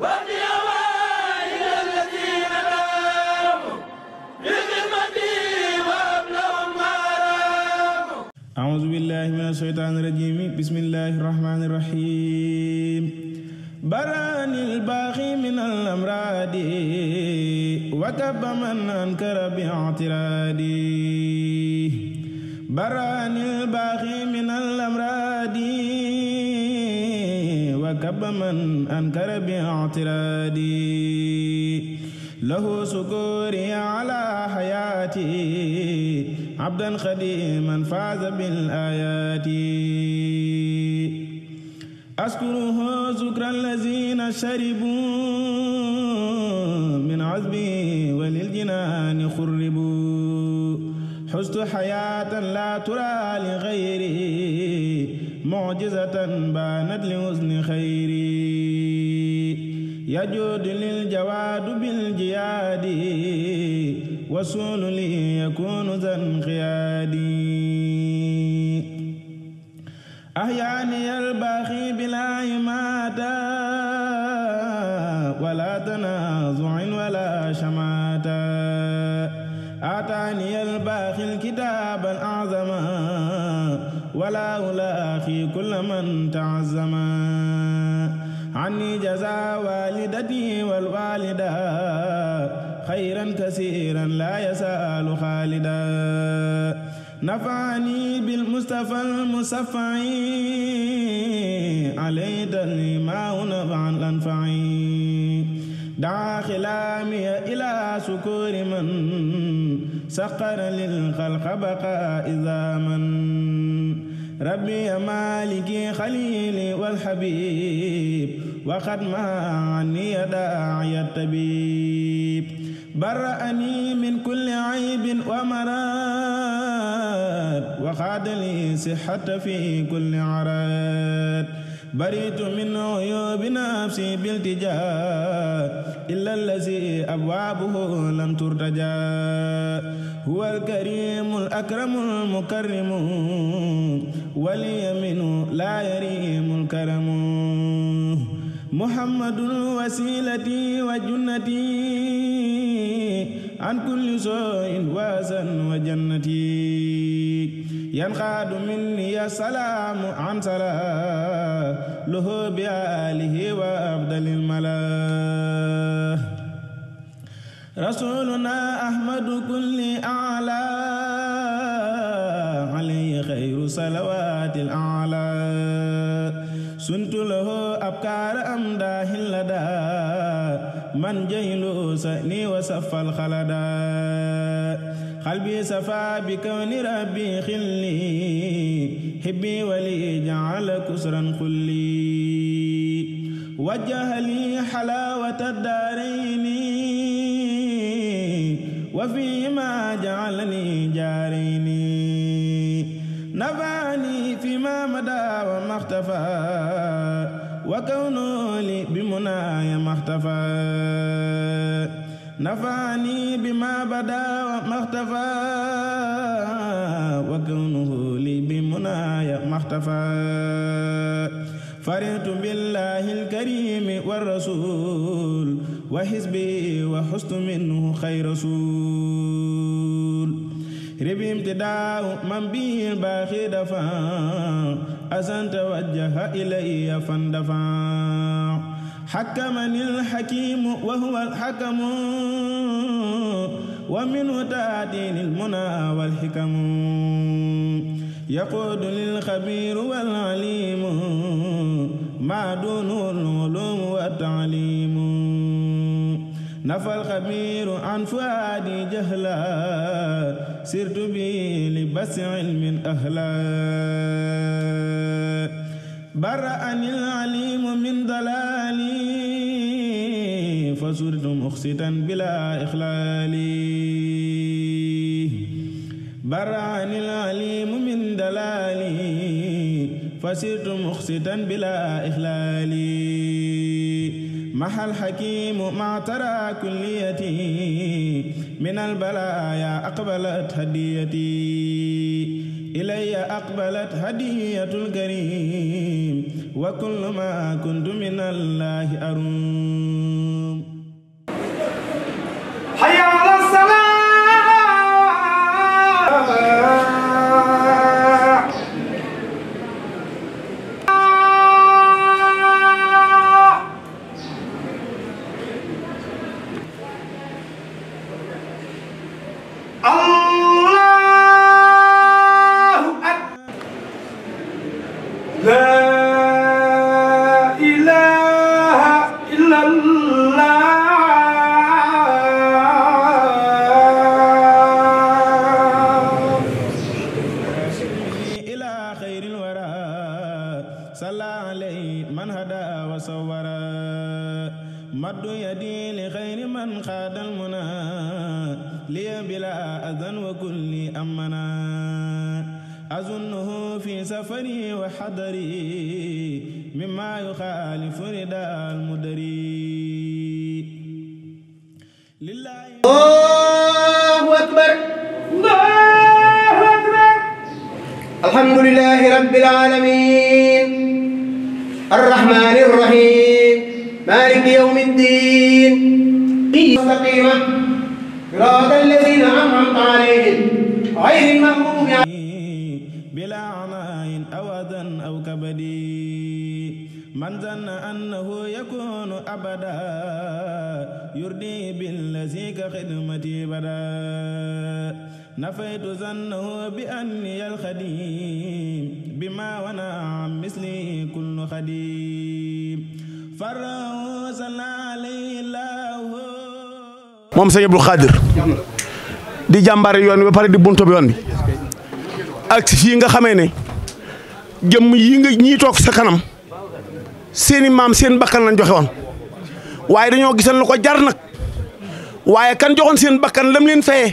أعوذ بالله من الشيطان الرجيم بسم الله الرحمن الرحيم بران الباغي من الأمراض وتب من أنكر باعترادي بران رب من أنكر باعترادي له سكوري على حياتي عبدا خديما فاز بالآيات أشكره شكر الذين شربوا من عذبي وللجنان خربوا حزت حياة لا ترى لغيري معجزة بانت لحسن خيري يجود للجواد بالجياد وصول لي يكون ذا انقيادي أحياني الباخي بلا يماتا ولا تنازع ولا شماتا أعطاني الباخي الكتاب الأعلى ولا أولى أخي كل من تعزم عني جزاء والدتي والوالدة خيرا كثيرا لا يسأل خالدا نفعني بالمصطفى المصفع عليتني ما عن الأنفع دعا خلامي إلى سكور من سقر للخلق بقى إذا من ربي يا مالك خليلي والحبيب وقد ما عني داعي الطبيب برأني من كل عيب ومرات وقاد لي صحة في كل عرات بريت من عيوب نفسي بالتجاه إلا الذي أبوابه لم ترتجى هو الكريم الأكرم المكرم ولي منه لا يريهم الكرم محمد وسيلتي وجنتي عن كل شيء وازن وجنتي ينقاد مني سلام عن سلام له بآله وأفضل الملا رسولنا أحمد كل أعلام صلوات الأعلى سنت له أبكار أمداه لدى من جيل سأني وسف الخلدا قلبي سفا بكون ربي خلي حبي ولي جعل كسرا خلي وجه لي حلاوة الدارين وفيما جعلني جارين اختفى وكونه لي بمنايا ما اختفى نفعني بما بدا مختفى اختفى وكونه لي بمنايا ما اختفى فرحت بالله الكريم والرسول وحزبي وحست منه خير رسول ربي امتداء من به الباخي دفان حسن توجه إلي فاندفع حكمني الحكيم وهو الحكم ومنه تعدين المنى والحكم يقود للخبير والعليم ما دونه العلوم والتعليم نفى الخبير عن فؤادي جهلا سرت به لبس علم أهلا برأني العليم من ضلالي فصرت مخسطا بلا إخلال برأني العليم من ضلالي فصرت مخسطا بلا إخلال محى الحكيم ما ترى كليتي من البلايا أقبلت هديتي إلي أقبلت هدية الكريم وكل ما كنت من الله أروم حيا الله الحمد لله رب العالمين الرحمن الرحيم مالك يوم الدين قيمة صراط الذين أنعمت عليهم غير المغضوب بلا عناء أو أذى أو كبد من ظن أنه يكون أبدا يردي بالذي كخدمتي بدا نفيت ظنه بأني الخديم بما ونع مثلي كل خديم فرسل علي الله مام سيدي ابو خادر دي جامبار يون بي باري دي بونتو يون بي ak fi nga xamé né jëm yi nga ñi tok sa kanam seen imam seen bakkan lañ joxé won waye dañoo gisal lu ko jar nak waye kan joxon seen bakkan lam leen fayé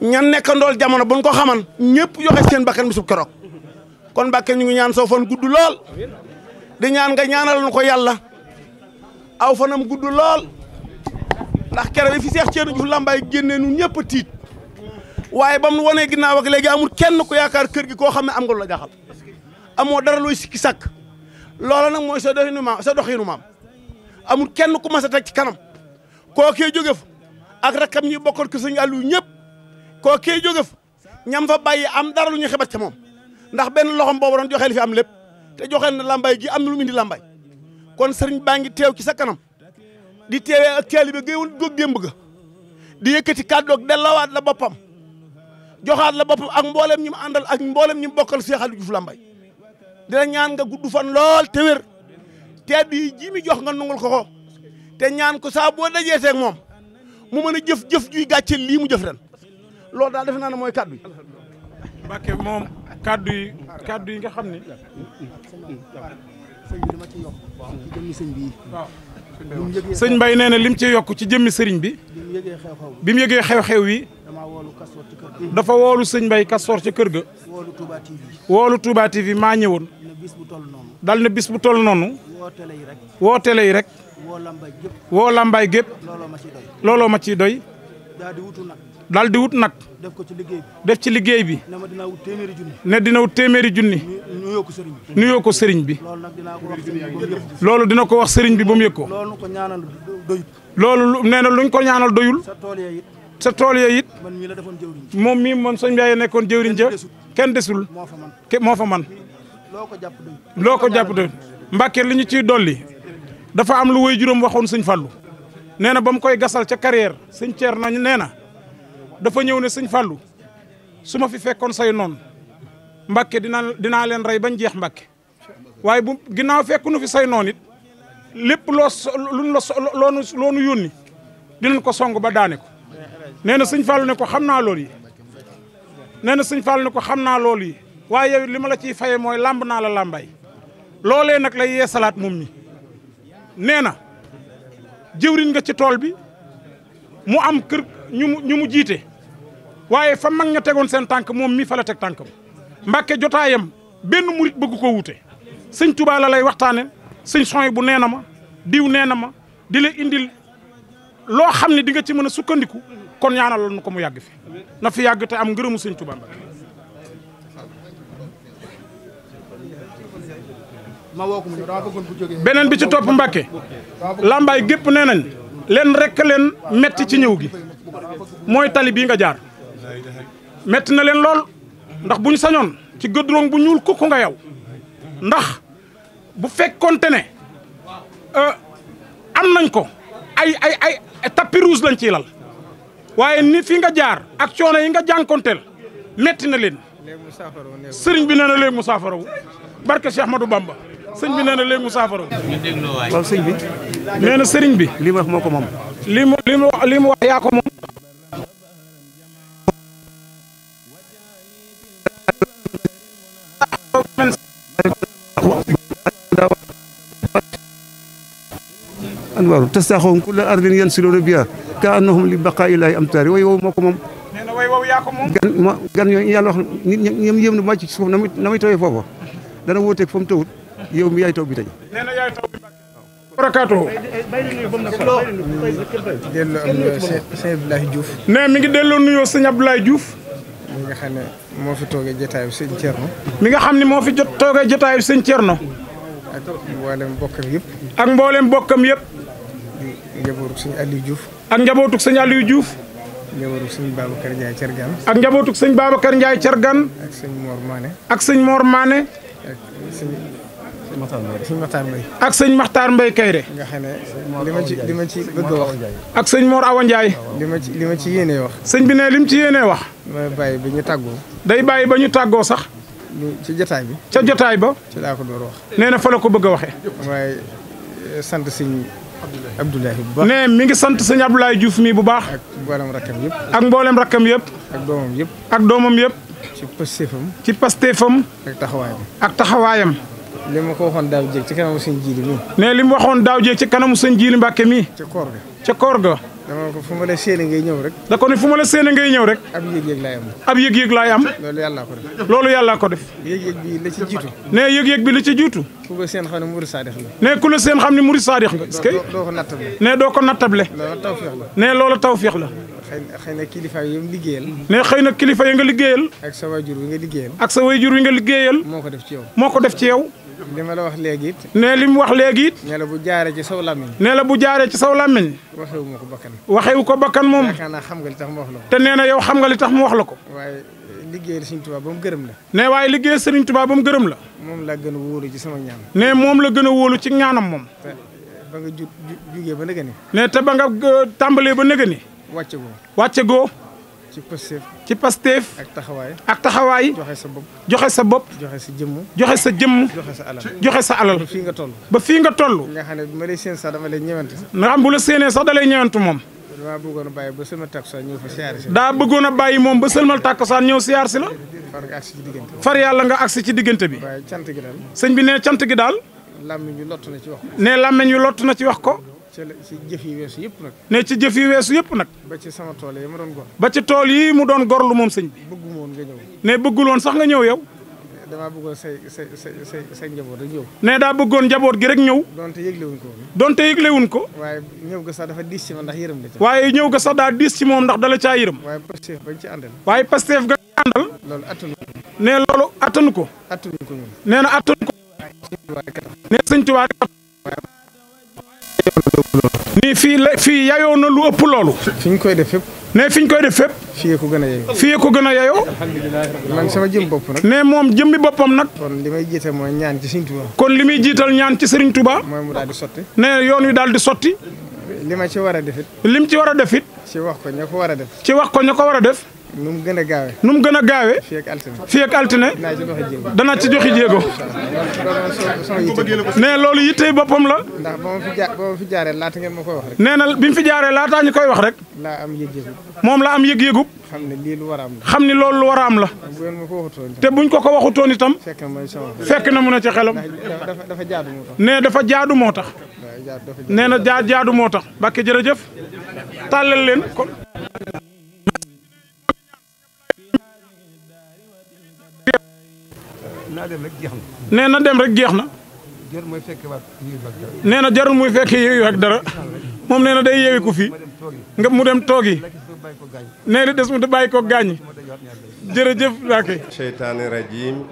ñan nekkandool jamono buñ ko xaman ñëpp yoxe seen bakkan bisub keroog kon Mbàkke ñu ngi ñaan soo fan gudd lool di ñaan nga ñaanal nu ko yàlla aw fanam gudd lool ndax keroog yi fi Seex Ceerno Juuf Lambaay génnee nu ñëpp a tiit waaye ba mu wanee ginnaaw ak léegi amul kenn ku yaakaar kër gi koo xam ne am nga la jaxal amoo dara looy sikki sàkk loola nag mooy sa doxinu maam sa doxinu maam amul kenn ku mas a teg ci kanam koo jóge fa ak rakkam ñi bokkoon ko sëñ Aliou ñëpp koo kee jóge fa ñam fa bàyyi am dara lu ñu xibat ca moom ndax benn loxom boobu doon joxeel fi am lépp te joxeel na lambay gi am na lu mu indi lambay kon sëriñ baa teew ci sa kanam di teewee ak taalibe géewul góog démb ga di yëkkati kàddoog dellawaat la boppam joxaat la boppam ak mbooleem ñi mu àndal ak mboolem ñim mu bokkal Cheikh Aliou Diouf lambay dina ñaan nga gudd fan lool te wér te di ji mi jox nga nungul ko ko te ñaan ko saa boo dajee seeg moom mu mën a jëf jëf juy gàcce lii mu jëf loolu daal defe naa ne mooy kaddu yi. Mbacke moom kaddu yi kaddu yi nga xam ni. sëñ bi dama ciy yokk sëñ bi. nee na lim ci yokk ci jëmmi sëriñ bi. bi mu yëgee xew-xew bi mu yëgee xew-xew yi. dafa woolu sëñ Mbaye Kastoor ca kër ga. woolu Touba TV. woolu Touba TV maa ñëwoon. dal na bis bu toll noonu. woo télé yi rek. woo télé rek. woo Lambaye gépp. woo Lambaye gépp. looloo ma ci doy. daa di wutu nag. daal di wut nag. def ko ci liggéey bi. def ci liggéey bi. ne ma dina wut téeméeri junni. ne dina téeméeri junni. nuyoo ko sëriñ bi. nuyoo ko sëriñ bi. loolu nag dinaa loolu dina ko wax sëriñ bi ba mu yëg ko. loolu ko ñaanal doyul. loolu nee na luñ ko ñaanal doyul. sa tool yee it. sa tool yee it. man mii la defoon jëwriñ ja. moom mii man sëñ Mbaye nekkoon jëwriñ ja. kenn desul moo fa man ke moo fa man loo ko jàpp doyul. loo ko jàpp doyul Mbàkke li ñu ciy dolli. dafa am lu way juróom waxoon sëñ Fallou nee na ba mu koy gasal ca carrière sëñ Ceer nañ nee na dafa ñëw ne sëñ Fallou su ma fi fekkoon say noon Mbàkke dina dinaa leen rey bañ jeex Mbàkke waaye bu ginnaaw nu fi say noon it lépp loo so luñ la yónni dinañ ko song ba daane ko nee na sëñ Fallou ne ko xam naa loolu yi nee na sëñ Fallou ne ko xam naa loolu yi waaye yow li ma la ciy faye mooy làmb naa la làmbaay loolee nag lay yeesalaat moom mi nee na jëwriñ nga ci tool bi mu am kër ñu ñu mu jiite waaye fa mag ña tegoon seen tànk moom mii fa la teg tànkam mbàkke jotaayam benn murit bëgg ko wute sëñ Tuubaa la lay waxtaane sëñ sooy bu nee na ma diw nee na ma di la indil loo xam ne di nga ci mën a sukkandiku kon ñaanal na ko mu yàgg fi na fi yàgg te am ngërëmu sëñ Tuubaa Mbàkke beneen bi ci topp Mbàkke lambaay gépp nee nañ leen rekk leen metti ci ñëw gi mooy tali bii nga jaar metti na leen lool ndax buñ sañoon ci gëddurong bu ñuul ko nga yow ndax bu fekkonte ne euh, am nañ ko ay ay ay tapis rouge lañ ciy lal waaye ni fi nga jaar ak coono yi nga jànkonteel metti na leen sëriñ bi nee na léegi mu saafarawu barke Cheikh Ahmadou Bamba sëñ bi nee na léegi mu saafarawu waaw sëñ bi nee na sëriñ bi lii mu wax moo ko moom lii mu lii mu wax yaa ko moom anwaaru tastaaxoon kulla ardin yansiluuna biha ka annahum li baqaa ilaahi amtaari way woowu moo ko moom way woowu yaa ko moom gan ma gan yooyu yàlla wax nit ñoom yëm na màcc na muy tawee foofa dana wóoteeg fa mu tawut yow mi yaay taw bi tey nee na yaay taw bi barakaatu nee mi ngi delloo nuyoo sëñ Abdoulaye Diouf mi nga xam ne moo fi toogee jotaayu sëñ Thierno mi nga xam ne moo fi jot toogee jotaayu sëñ Thierno ak mboolem bokkam yëpp ak mboolem bokkam yëpp njabootu sëñ Aliou Diouf. ak njabootu sëñ Aliou Diouf. njabootu sëñ Babacar Ndiaye Thiergane. ak njabootu sëñ Babacar Ndiaye Thiergane. ak sëñ Mor Mané. ak sëñ Mor Mané. ak sëñ Makhtar Mbaye. ak sëñ Makhtar Mbaye Kayre. nga xam ne li ma ci li ma a wax. ak sëñ Mor Awa li ma ci li ma ci wax. sëñ bi ne li ci yéenee wax. mooy bàyyi ba ñu tàggoo. day bàyyi ba ñu tàggoo sax. ci jotaay bi. ca jotaay ba. ci ko door wax. fa la ko bëgg a waxee. waaye eh, Abdoulaye bu baax ne mi ngi sant sëñ Abdoulaye Diouf mii bu baax. ak mboolem rakkam yëpp. ak mboolem rakkam yëpp. ak doomam yëpp. ak doomam yëpp. ci pasteefam. ci pasteefam. ak taxawaayam. ak taxawaayam. li ma ko waxoon daaw jéeg ci kanamu sëñ Jiili mii. ne li mu waxoon daaw jéeg ci kanamu sëñ Jiili Mbàkke mii. ca koor ga ca koor ga. dama ko fu ma la ngay ñëw rek. da ko ne fu ma la séenee ngay ñëw rek. ab yëg-yëg laay am. ab yëg-yëg loolu yàllaa ko def. loolu yàllaa ko def. yëg bi la ci jiitu. ne ku la seen xam ne murid saadix la. ku la seen xam ne murid saadix nga. est-ce que doo ko nattable. ne doo ko nattable. loolu tawféex la. ne loolu tawféex la. xëy na kilifa yi nga liggéeyal. ne xëy na kilifa yi nga liggéeyal. ak sa waajur wi nga liggéeyal. ak sa waajur wi nga liggéeyal. moo ko def ci yow. moo ko def ci yow. li ma la wax léegi it. li mu wax léegi it. ne la bu jaaree ci saw làmmiñ. nee la bu jaaree ci saw làmmiñ. waxewu ma ko bakkan. waxewu ko bakkan moom. yaakaar xam nga li tax wax la te nee na yow xam nga li tax mu wax la ko. waaye liggéeyal Serigne Touba ba mu gërëm la. ne waaye liggéey Serigne Touba ba mu gërëm la. moom laa gën a wóolu ci sama ñaan. ne moom la gën a wóolu ci ñaanam moom. ba nga ju jugee ba nëgëni. ne te ba nga euh, tàmbalee ba nëgëni. wàcce goo. wàcce goo. ci Pastef. ci Pastef. ak taxawaay. ak taxawaay. joxe sa bopp. joxe sa bopp. joxe sa jëmm. joxe sa jëmm. joxe sa alal. joxe sa alal. ba fii nga toll. ba fii nga toll. nga xam ne bu ma lay séen sax dama lay ñëwantu. nga xam bu la séenee sax da lay ñëwantu moom. daa bëggoon a bàyyi ba sëlmal daa bëggoon a bàyyi moom ba sëlmal takkusaan ñëw siyaar si la. far nga yàlla nga agsi ci diggante bi. waaye cant gi daal. sëñ bi nee cant gi daal. làmmiñ yu lott ci wax ko. nee làmmiñ yu lott na ci wax ko ci ci jëf yi weesu yëpp nag. ne ci jëf yi weesu yëpp nag. ba ci sama tool yi ma doon gor. ba ci tool yi mu doon gorlu moom sëñ bi. woon nga ñëw. ne bëggul woon sax nga ñëw yow. damaa bëggoon say say say say say njaboot rek ñëw. ne daa bëggoon njaboot gi rek ñëw. donte yëglewuñ ko. donte yëglewuñ ko. waaye ñëw ga sax dafa diis ci man ndax yërëm la ca. ñëw ga sax daa diis ci moom ndax dala caa yërëm. waaye Pastef bañ ci àndal. waaye Pastef ga àndal. loolu attanu ko. ne loolu attanu ko. attanuñ ko nee na attanu ko. nee sëñ Tuubaa nii fii la fii yayoo na lu ëpp loolu. fi koy def fépp. ne fi koy def fépp. fii ko gën a yeyoo. fii ko gën a yeyoo. man sama jëm bopp nag. ne moom jëmmi boppam nag. kon li may jiital mooy ñaan ci Serigne Touba. kon li muy jiital ñaan ci Serigne mooy mu daal di sotti. ne yoon wi daal di sotti. li ma ci war a def it. lim ci war a def it. ci wax ko ña ko war a def. ci wax ko ña ko war a def. nu mu gën a gaawee. nu mu gën a gaawee. fii ak altine fii ak dana ci joxe jéego. nee loolu yitte boppam la. ndax ba ja ba fi jaaree laata ngeen ma koy wax nee na bi mu fi jaaree laataa ñu koy wax rek. laa am yëg-yëgub. moom la am yëg-yëgub. xam ne lii lu war a xam ne loolu lu war a am la. te buñ ko ko waxutoon itam. fekk na mu ne ci xelam. dafa jaadu moo tax. nee dafa jaadu moo tax. nee na jaadu moo tax. Mbàkke jërëjëf tàllal leen kon. naa dem rek jeex na. nee na dem rek jeex na. jarul muy fekke nee na jarul muy fekke yooyu ak dara moom nee na day yeewi ko fii nga mu dem toogi nee na des mu bàyyi ko gaañ jërëjëf laake seytaani rajim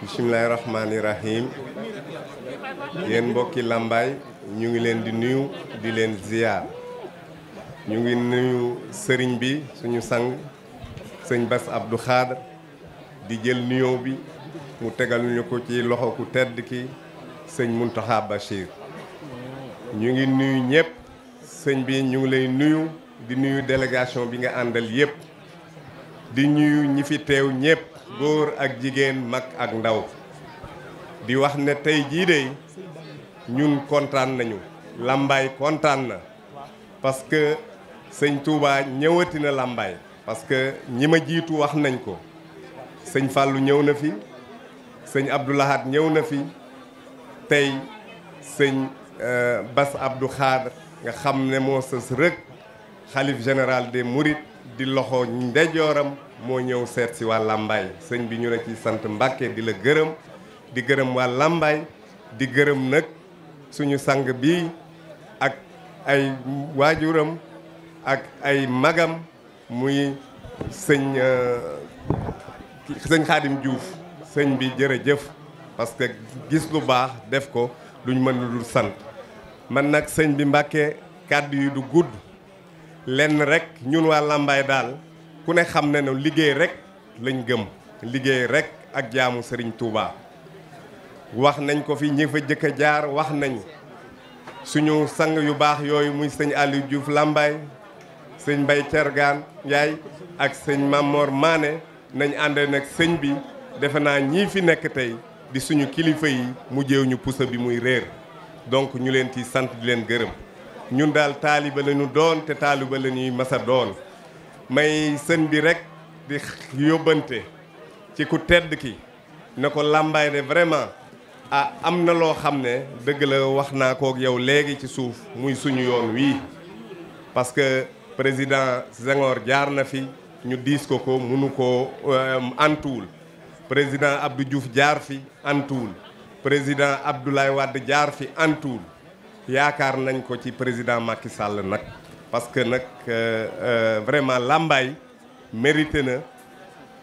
bisimilahi rahmaani rahim yéen mbokki làmbaay ñu ngi leen di nuyu di leen ziyaar ñu ngi nuyu sëriñ bi suñu sang sëñ Bass Abdou Khadre di jël nuyoo bi mu tegaluñu ko ci loxo ku tedd ki sëñ Muntaxa Bachir ñu ngi nuyu ñëpp sëñ bi ñu ngi lay nuyu di nuyu délégation bi nga àndal yëpp di nuyu ñi fi teew ñëpp góor ak jigéen mag ak ndaw di wax ne tey jii de ñun kontaan nañu Lambaye kontaan na parce que sëñ Touba ñëwati na Lambaye parce que ñi ma jiitu wax nañ ko sëñ Fallou ñëw na fi sëñ Abdou Lahad ñëw na fi tey sëñ euh, bas Abdou Khadre nga xam ne moo sës rëkk xalif général des Mourides di loxo ndejooram moo ñëw seet si waa Lambaye sëñ bi ñu la ci sant Mbàkke di la gërëm di gërëm waa Lambaye di gërëm nag suñu sang bi ak ay waajuram ak ay magam muy sëñ euh, sëñ Xaadim Diouf sëñ bi jërëjëf parce que gis lu baax def ko duñ mën lu dul sant man nag sëñ bi Mbàkke kàddu yi du gudd lenn rek ñun waa Lambaye daal ku ne xam ne liggéey rek lañ gëm liggéey rek ak jaamu Serigne Touba wax nañ ko fi ñi fa jëkk a jaar wax nañ suñu sang yu baax yooyu muy sëñ Aliou Diouf làmbaay sëñ Mbaye Thiergane Ndiaye ak sëñ Mamor Mané nañ àndee nag sëñ bi defe naa ñii fi nekk tey di suñu kilifa yi mujjeew ñu pusa bi muy réer donc ñu leen ci sant di leen gërëm ñun daal taaliba la doon te taaliba la ñuy masa doon may sën bi rek di yóbbante ci ku tedd ki ne ko làmbaay de vraiment ah am na loo xam ne dëgg la wax naa kook yow léegi ci suuf muy suñu yoon wii parce que président Senghor jaar na fi ñu diis ko ko munu koo euh, antuwul président Abdou jaar fi antuwul président Abdoulaye Wade jaar fi antuwul yaakaar nañ ko ci président Macky Sall nag parce que nag euh, euh, vraiment Lambaye mérité na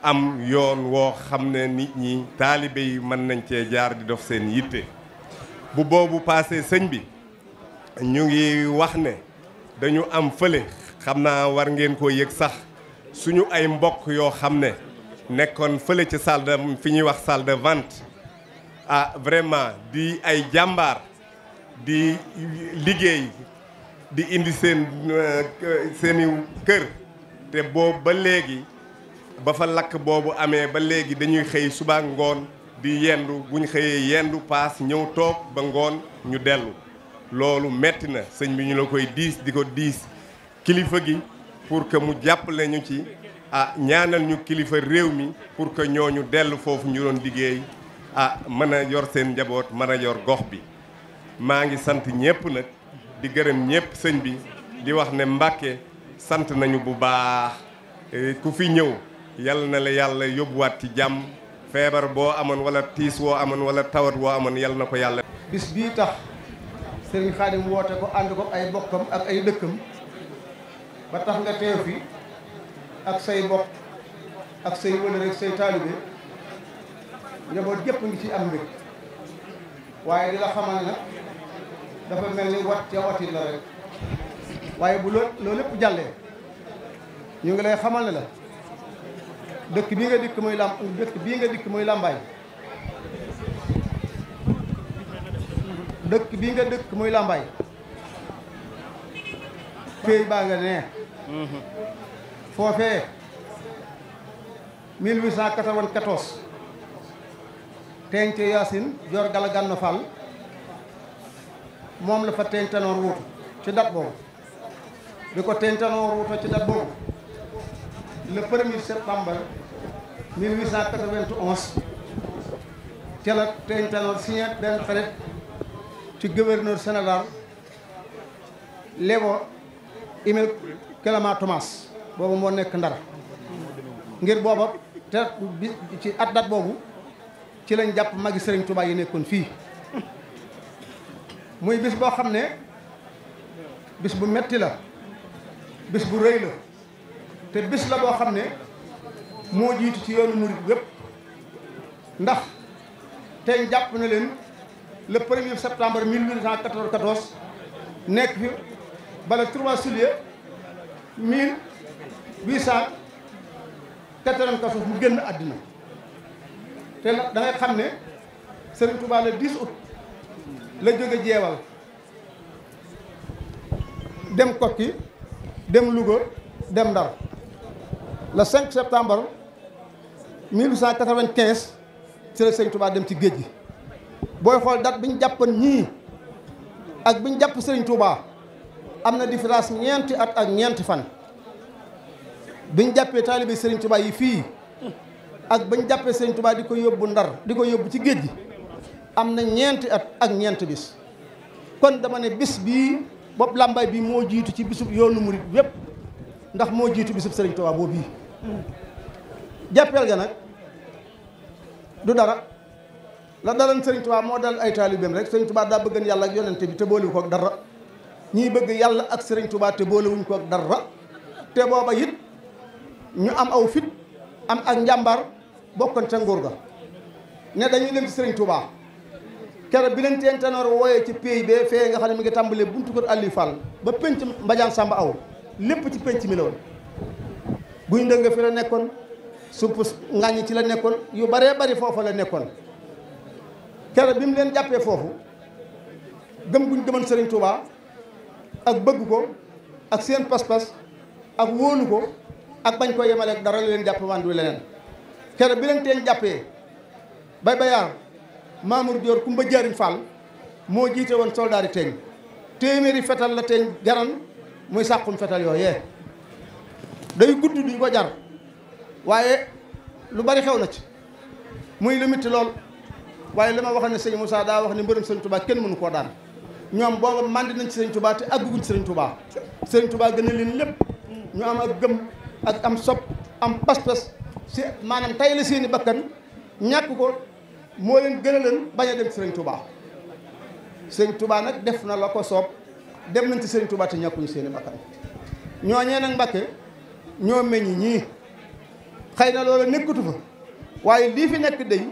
am yoon woo xam ne nit ñi taalibe yi mën nañ cee jaar di dof seen yitte bu boobu passé sëñ bi ñu ngi wax ne dañu am fële xam naa war ngeen koo yëg sax suñu ay mbokk yoo xam ne nekkoon fële ci saldam fi ñuy wax salle de vente ah vraiment di ay jàmbaar di liggéey di indi seen euh, seeni kër te boobu ba léegi ba fa lakk boobu amee ba léegi dañuy xëy suba ngoon di yendu bu xëyee yendu paas ñëw toog ba ngoon ñu dellu loolu metti na sëñ bi ñu la koy diis di ko diis kilifa gi pour que mu jàpp ñu ci a ah, ñaanal ñu kilifa réew mi pour que ñooñu dellu foofu ñu doon liggéey ah mën a yor seen njaboot mën a yor gox bi maa ngi sant ñépp nag di gërëm ñépp sëñ bi di wax ne Mbàkke sant nañu bu baax eh, ku fi ñëw yàlla na le yàlla yóbbuwaat ci jàmm feebar boo amoon wala tiis woo amoon wala tawat woo amoon yàlla na ko yàlla bis bii tax sëriñ Xaadim woote ko ànd ko ay bokkam ak ay dëkkam ba tax nga teew fi ak say bokk ak say wële rek say taalibe njaboot gépp ngi ci am mbir waaye di la xamal nag dafa mel ni wat ca watit la rek waaye bu lool loolu lépp jàllee ñu ngi lay xamal ne la dëkk bii nga dikk muy lam dëkk nga dikk muy làmbaay dëkk bii nga dëkk muy làmbaay pay baa nee mm-hmm. foofee 1894 teñce Yacine Dior Gala Ganna Fall moom la fa teñtanoor wuutu ci dat boobu bi ko teñtanoor wuutu ci dat boobu le premier septembre 1891 ca la teñtanoor signé benn traité ci gouverneur Sénégal lebo Aimé Clément Thomas booba moo nekk ndara ngir booba te bi ci at dat boobu ci lañ jàpp magi sëriñ Touba yi nekkoon fii muy bis boo xam ne bis bu metti la bis bu rëy la te bis la boo xam ne moo jiitu ci yoonu murit yépp ndax tey jàpp na leen le premier septembre 1894 nekk fi bala 3 juillet 1000 huit cent quatre vingt mu génn àddina te da ngay xam ne Serigne Touba le 10 août la jóge jeewal dem Kokki dem Louga dem Ndar le 5 septembre 1895 ci la Serigne Touba dem ci géej gi booy xool date bi ñu jàppoon ñii ak bi ñu jàpp Serigne Touba am na différence ñeenti at ak ñeenti fan. biñ jàppee taalibe Serigne Touba yi fii ak bañ jàppee Serigne Touba di ko yóbbu ndar di ko yóbbu ci géej gi am na ñeenti at ak ñeent bis kon dama ne bis bii bopp làmbaay bi moo jiitu ci bisub yoonu murit yépp ndax moo jiitu bisub Serigne Touba boobu bii jàppeel ga nag du dara la dalan Serigne Touba moo dal ay taalibeem rek Serigne Touba daa bëggan yàlla ak yonente bi te boolewu ko ak dara ñuy bëgg yàlla ak Serigne Touba te boolewuñ ko ak dara te booba it ñu am aw fit am ak njàmbar bokkoon ca nguur ga ne dañuy dem ci sëriñ Touba keroog bi leen teen tanoor wooyee ci pays bi nga xam ne mi ngi tàmbalee buntu kër Aliou Fall ba penc Mbadiane Samba aw lépp ci penc mi la woon guñ dënga fi la nekkoon sump ngàññi ci la nekkoon yu baree bari foofa la nekkoon keroog bi mu leen jàppee foofu gëm guñ gëman sëriñ Touba ak bëgg ko ak seen pas ak wóolu ko ak bañ ko yemale dara leen jàpp wàndu leneen kere bi leen teen jàppee bay bayaar Mamour Dior Kumba Jaariñ Fall moo jiite woon soldaar yi teeñ téeméeri fetal la teeñ jaran muy sàqum fetal yooyee day gudd duñ ko jar waaye lu bari xew na ci muy lu metti lool waaye li ma wax ne sëñ daa wax ne mbërëm sëñ Touba kenn mënu koo daan ñoom booba mandi nañ ci sëñ Touba te àgguguñ sëñ Touba tubaa Touba gën a leen lépp ñu am ak gëm ak am sopp am pas-pas si maanaam tay la seeni bakkan ñàkk ko moo leen gën a leen bañ dem Sëriñ Touba Sëriñ Touba nag def na la ko soob dem nañ ci Sëriñ Touba te ñàkkuñu seeni bakkan ñooñee nag Mbàkke ñoo meññ ñii xëy na loolu nekkatu fa waaye lii fi nekk day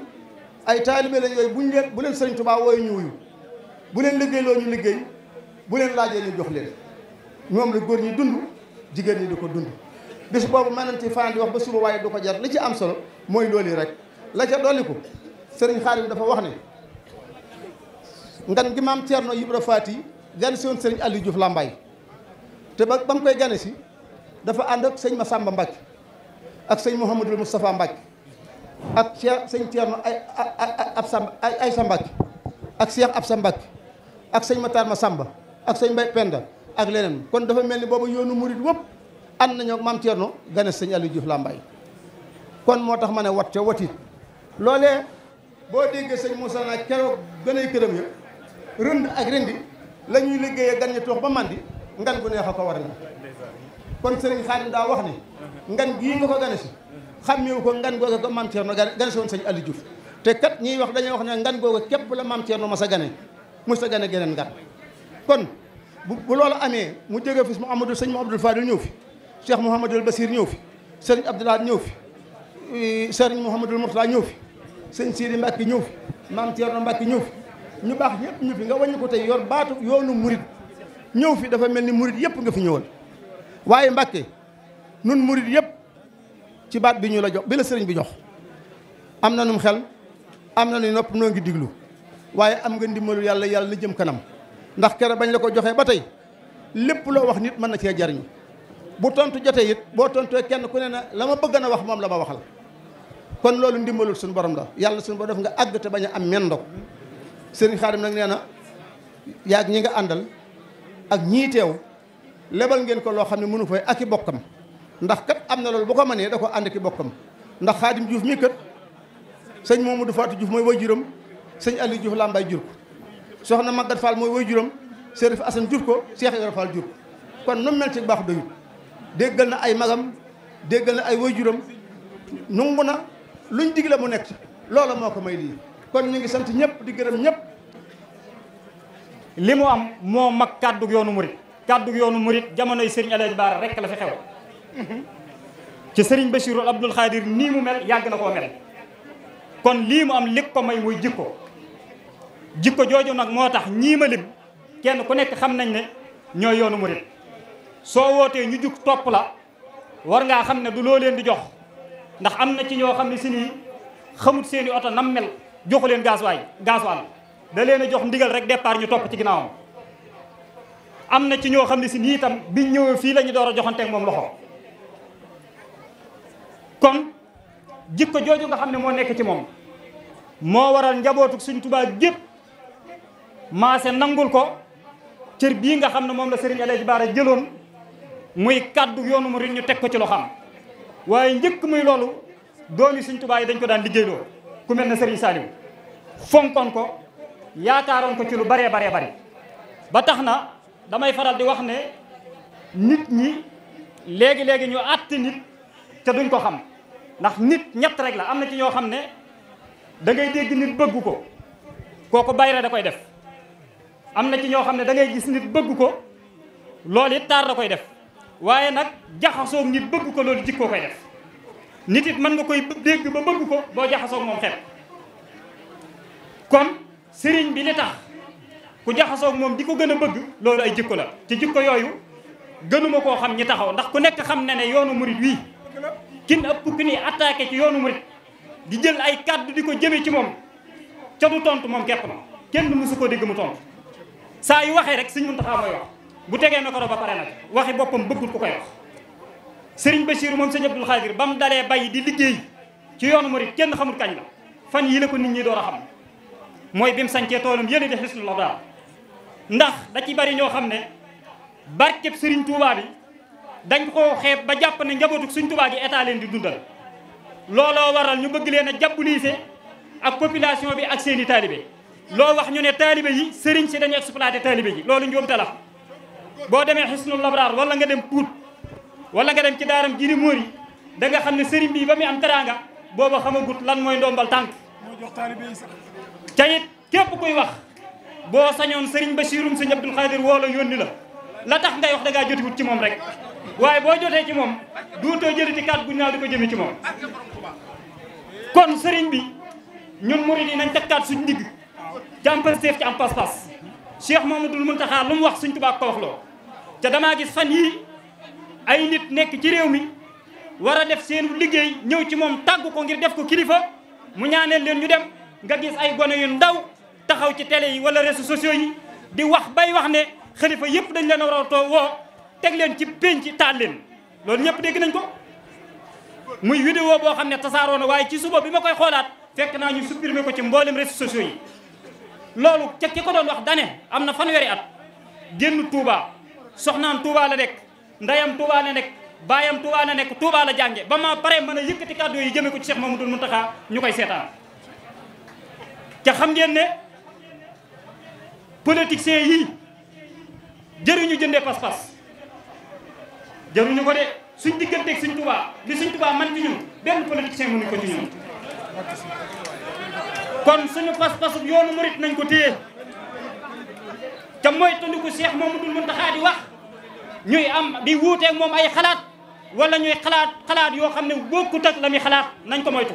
ay taalibe lañ yooyu buñ leen bu leen Sëriñ Touba wooyu ñu bu leen liggéey loo ñu liggéey bu leen laajee ñu jox leen ñoom la góor ñi dund jigéen ñi di ko dund bis boobu mën nañ fanaan di wax ba suba waaye du ko jar li ci am solo mooy loolu rek la ca ko sëriñ Xaadim dafa wax ne ngan gi maam Thierno Ibra Faati gane si woon sëriñ Aliou Diouf Lambaye te ba ba mu koy gane si dafa ànd ak sëñ Massamba Mbacke ak sëñ Mouhamadul Moustapha Mbacke ak Cheikh sëñ Thierno ay ab Samba ay ay sa ak Cheikh ab sa Mbacke ak ak sëñ Mbay Penda ak leneen kon dafa mel ni boobu yoonu murit wëpp ànd nañoo maam Thierno gane sëñ Aliou Diouf Lambaye kon moo tax ma ne wat ca watit loolee boo déggee sëñ Moussa naa keroog gën këram ya rënd ak rendi lañuy ñuy liggéeyee gan ñi toox ba mandi ngan bu neex a ko waral kon sëriñ Xaadim daa wax ne ngan gii nga ko gane si xàmmeewu ko ngan googu ko maam Thierno gane si woon sëñ te kat ñiy wax dañuy wax ne ngan googu képp la maam Thierno ma sa gane mos a gane geneen ngan kon bu loolu amee mu jógee fis mu Amadou sëñ mu ñëw fi Cheikh Mouhamadul Basir ñëw fi sëriñ Abdoulaye ñëw fi eh, sëriñ Mouhamadul Mourtala ñëw fi sëñ Sidi Mbacke ñëw fi maam Thierno Mbacke ñëw fi ñu baax ñëpp ñu fi nga wàññi ko tey yor baatu yoonu murit ñëw fi dafa mel ni murit yëpp nga fi ñëwoon waaye Mbacke nun murit yëpp ci baat bi ñu la jox bi la sëriñ bi jox am na num xel am na nu nopp noo ngi diglu waaye am nga ndimbalu yàlla yàlla na jëm kanam ndax kere bañ la ko joxee ba tey lépp loo wax nit mën na cee jariñu bu tontu jotee it boo tontoo kenn ku ne na la ma bëgg na wax moom la ma waxal kon loolu ndimbalul suñu borom la yàlla suñu borom def nga àgg te bañ a am men ndog sëriñ Xaadim nag nee na yaag ñi nga àndal ak ñii teew lebal ngeen ko loo xam ne mënu fay ak i bokkam ndax kat am na loolu bu ko mënee da ko ànd ki bokkam ndax Xaadim Diouf mii kat sëñ Mamadou Fatou Diouf mooy waajuram sëñ Aliou Diouf Lambaye jur ko soxna Maguette Fall mooy waajuram Serif Assane jur ko Cheikh Ibrahima Fall jur ko kon nu mel ci baax doyut déggal na ay magam déggal na ay waajuram nungu na luñ digle mu nekk loola moo ko may lii kon ñu ngi sant ñëpp di gërëm ñëpp li mu am moo mag kàddu yoonu murit kàddug yoonu murit jamonoy sëriñ Alaaji Baara rekk la fi xew ci sëriñ Bachirul Abdul Xaadir nii mu mel yàgg na koo mel kon lii mu am li ko may mooy jikko jikko jooju nag moo tax ñii ma lim kenn ku nekk xam nañ ne ñooy yoonu murit soo wootee ñu jug topp la war ngaa xam ne du loo leen di jox ndax am na ci ñoo xam ne si nii xamut seen oto nam mel joxu leen gaaswaay gaaswaal da leen a jox ndigal rek départ ñu topp ci ginnaawam am na ci ñoo xam ne si nii itam biñ ñëwee fii la ñu door a joxanteeg moom loxo kon jikko jooju nga xam ne moo nekk ci moom moo waral njabootu suñ Tuubaa gépp maase nangul ko cër bii nga xam ne moom la Serigne El Hadj Bara jëloon muy kàddu yoonu murid ñu teg ko ci xam waaye njëkk muy loolu doomi Sëriñ Tuubaa yi dañ ko daan liggéeyloo ku mel ne Sëriñ Saliou fonkoon ko yaakaaroon ko ci lu baree baree bari ba tax na damay faral di wax ne nit ñi léegi léegi ñu àtti nit te duñ ko xam ndax nit ñett rek la am na ci ñoo xam ne dangay ngay dégg nit bëgg ko kooku bayre da koy def am na ci ñoo xam ne dangay gis nit bëggu ko loolu it taar da koy def waaye nag jaxasoog ni bëgg ko loolu jikkoo koy def nit it mën nga koy dégg ba bëgg ko boo jaxasoog moom xeeb kon sëriñ bi li tax ku jaxasook moom di ko gën a bëgg loolu ay jikko la ci jikko yooyu gënuma koo xam ñi taxaw ndax ku nekk xam na ne yoonu murit wii kin ëpp ki ni attaqué ci yoonu murit di jël ay kàddu di ko jëme ci moom ca du tontu moom képp na kenn mësu ko dégg mu tontu saa yu waxee rek Sëriñ Muntaxa mooy wax bu tegee micro ba pare nag waxi boppam bëggul ku koy wax sëriñ Bachir moom sëñ Abdul Xaadir ba mu dalee bàyyi di liggéey ci yoonu murit kenn xamul kañ la fan yii la ko nit ñi door a xam mooy bi mu sancee toolam yële di xisnu la daal ndax da ci bari ñoo xam ne barkeb sëriñ Touba bi dañ ko xeeb ba jàpp ne njabootu suñ Touba gi état leen di dundal looloo waral ñu bëgg leen a jàppalise ak population bi ak seen i taalibe loo wax ñu ne taalibe yi sëriñ si dañu exploité taalibe yi loolu njuumte boo demee xisnul labraar wala nga dem puut wala nga dem ci daaram jiri móor yi da nga xam ne sëriñ bi ba muy am teraanga booba xamagut lan mooy ndombal tànk cayit képp kuy wax boo sañoon sëriñ ba Bachirum sëñ Abdul Xaadir woo la yónni la la tax ngay wax dangaa ngaa ci moom rek waaye boo jotee ci moom duutoo jëlati kaat gu ñaaw di ko jëme ci moom kon sëriñ bi ñun murid yi nañ takkaat suñ ndigg ci am pasteef ci am pas-pas Cheikh Mamadou Muntaxa lu mu wax suñ tubaab ko wax loo te dama gis fan yi ay nit nek ci réew mi wara def seenu liggéey ñëw ci mom tàggu ko ngir def ko kilifa mu ñaanel leen ñu dem nga gis ay gone yu ndaw taxaw ci télé yi wala réseaux sociaux yi di wax bay wax ne khalifa yëpp dañ leen wara to wo tek leen ci pénc taal leen loolu ñëpp dégg nañ ko muy vidéo bo xamné ne tasaaroo na waaye ci suba bima koy xolaat fekk na ñu supprimer ko ci mbolim réseaux sociaux yi loolu ci ko doon wax dane amna fan wéré at génn Touba soxnaam Touba la nek ndayam Touba la nek bayam Touba la nek Touba la jange ba ma pare mëna yëkëti yëkkati yi jëme ko ci Cheikh Mamadou Mountakha ñukay koy ca xam ngeen né politiciens yii jëriñu jëndee pass pas jëruñu ko de suñ ak suñ Touba li suñ Touba man ci ñun benn politiciens mënu ko ci ñun kon suñu pass pasu yoonu murit nañ ko téye ca moytandiku Cheikh Mamadou Mountakha di wax ñuy am di wuuteeg moom ay xalaat wala ñuy xalaat xalaat yoo xam ne ku ak la mi xalaat nañ ko moytu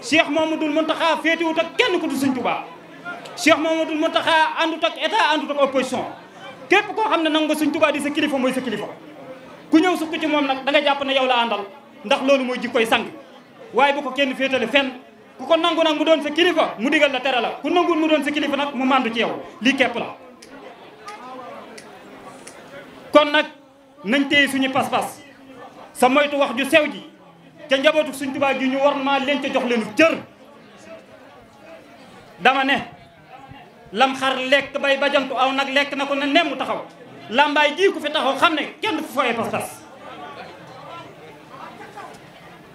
Cheikh Mamadou a féetewut ak kenn ku dul Sëñ Tuubaa Cheikh tax Mountakha àndut ak état àndut ak opposition képp koo xam ne nangu nga Sëñ Tuubaa di sa kilifa mooy sa kilifa ku ñëw sukk ci moom nag da jàpp ne yow la àndal ndax loolu mooy jikkoy sang waaye bu ko kenn féetale fenn ku ko nangu nag mu doon sa kilifa mu digal la tere la ku nangul mu doon sa kilifa nag mu màndu ci yow lii képp la nañ téye suñu pas sa moytu wax ju sew ji ca njabootu suñ Tuubaa gi ñu war maa leen ca jox leenu cër dama ne lam xar lekk bay bajantu aw nag lekk na ko ne nemm taxaw làmbaay jii ku fi taxaw xam ne kenn du fi fooyee pas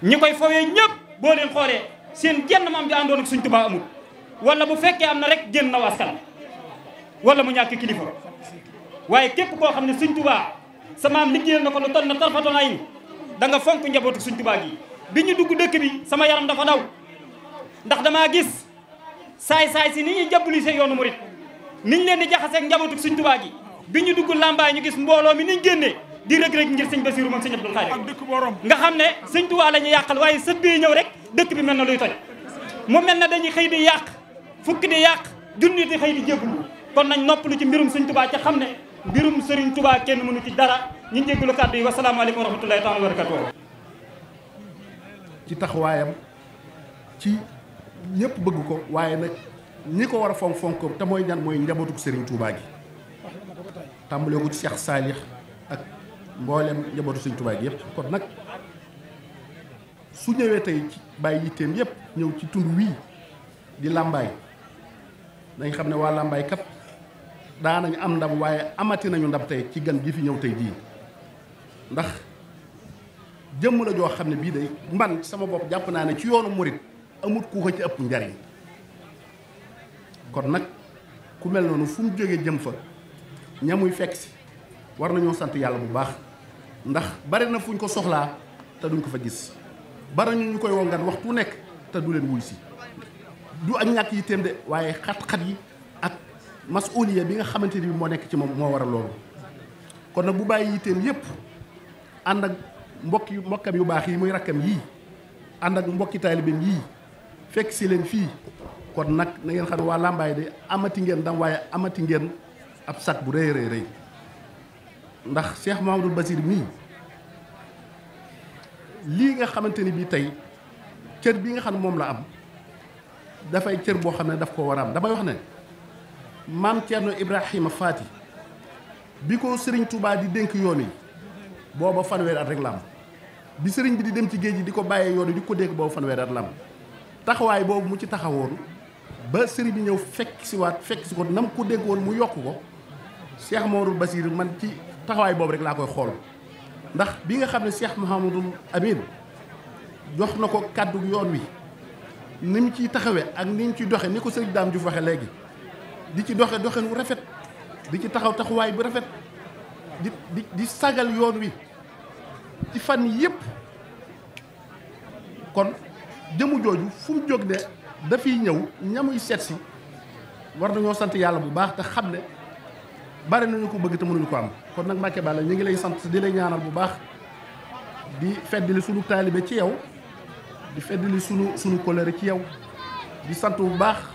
ñi koy fooyee ñëpp boo leen xoolee seen jenn maam ju àndoon ak suñ Tuubaa amul wala bu fekkee am na rek génn na waaskan wala mu ñàkk kilifa waaye képp koo xam ne suñ Tuubaa sa maam liggéeyal na ko lu toll na tarfatoon ay da nga fonk njabootu suñ Tuubaa gi bi ñu dugg dëkk bi sama yaram dafa daw ndax damaa gis saay-saay si ni ñuy jàppalisee yoonu murit niñ leen di jaxaseeg njabootu suñ Tuubaa gi bi ñu dugg làmbaay ñu gis mbooloo mi niñ génnee di rëg-rëg ngir sëñ Basiru moom sëñ Abdul Xaadir nga xam ne sëñ Tuubaa la ñuy yàqal waaye sët bi ñëw rek dëkk bi mel na luy toj mu mel na dañuy xëy di yàq fukki di yàq junni di xëy di jébbalu kon nañ noppalu ci mbirum sëñ Tuubaa ca xam ne birum Serigne Touba kenn mënu ci dara ñu kaddu wa salaamu alaykum wa rahmatullahi taala wa barakatuh ci taxwayam ci ñepp bëgg ko waye nak ñi ko war a fonk fonk ko te mooy ñan moy ñabatu Serigne Touba gi tambale ko ci Cheikh salih ak mbollem ñabatu Serigne Touba gi yëpp kon nag su ñëwé tay ci bàyyi yitteem yépp ñëw ci tundu wi di lambay dañ xamné wa lambay kat daanañ am ndam waaye amati nañu ndam tey ci gan gi fi ñëw tey jii ndax jëmm la joo xam ne bii day man sama bopp jàpp naa ne ci yoonu murit amut ku ko ci ëpp njariñ kon nag ku mel noonu fu mu jógee jëm fa ñamuy fekk si war nañoo sant yàlla bu baax ndax bari na fuñ ko soxlaa te duñ ko fa gis bari ñu koy wongan waxtu nekk te du leen wuy si du ak ñàkk yi téem de waaye xat-xat yi masuuliya bi nga xamante ni moo nekk ci moom moo waral loolu kon nag bu bàyyi yitteem yépp ànd ak mbokk yu mbokkam yu baax yi muy rakkam yii ànd ak mbokki taalibeem yii fekk si leen fii kon nag na ngeen xam ne waa làmbaay de amati ngeen dam waaye amati ngeen ab sag bu rëy rëy rëy ndax Cheikh Mahamadou Basir mii lii nga xamante ni bii tey cër bi nga xam ne moom la am dafay cër boo xam ne daf ko war a am damay wax ne maam Thierno Ibrahima Faty bi ko sëriñ Touba di dénk yoon yi booba fanweeri at rek la am bi Serigne bi di dem ci géej gi di ko bàyyee yoon yi di ko dégg booba fanweeri at la taxawaay boobu mu ci taxawoon ba sëriñ bi ñëw fekk si waat fekk si ko nam ko dégg woon mu yokk ko Cheikh Mamadou Basir man ci taxawaay boobu rek laa koy xool ndax bi nga xam ne Cheikh Mouhamadul Amin jox na ko kàddu yoon wi ni mu ciy taxawee ak ni ñu ciy doxee ni ko Serigne Dame Diouf léegi. di ci doxe doxe wu rafet di ci taxaw taxawaay bu rafet di di sagal yoon wi ci fan yëpp kon jëmu jooju fu mu jóg ne dafiy ñëw ñamuy seet war nañoo sant yàlla bu baax te xam ne bari nañu ko bëgg te mënuñu ko am kon nag Mbàkke Balla ñu ngi lay sant di lay ñaanal bu baax di feddali sunu taalibe ci yow di feddali sunu sunu kóllëre ci yow di sant bu baax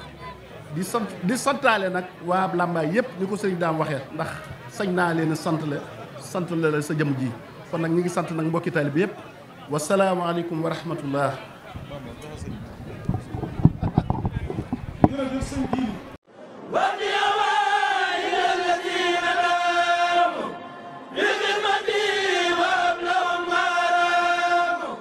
di sant di santaale nag waa làmbaay yépp ni ko sëriñ daam waxee ndax sañ naa leen sant la sant le sa jëm ji kon nag ñu ngi sant nag mbokki taalibe bi yëpp wasalaamaaleykum wa rahmatullah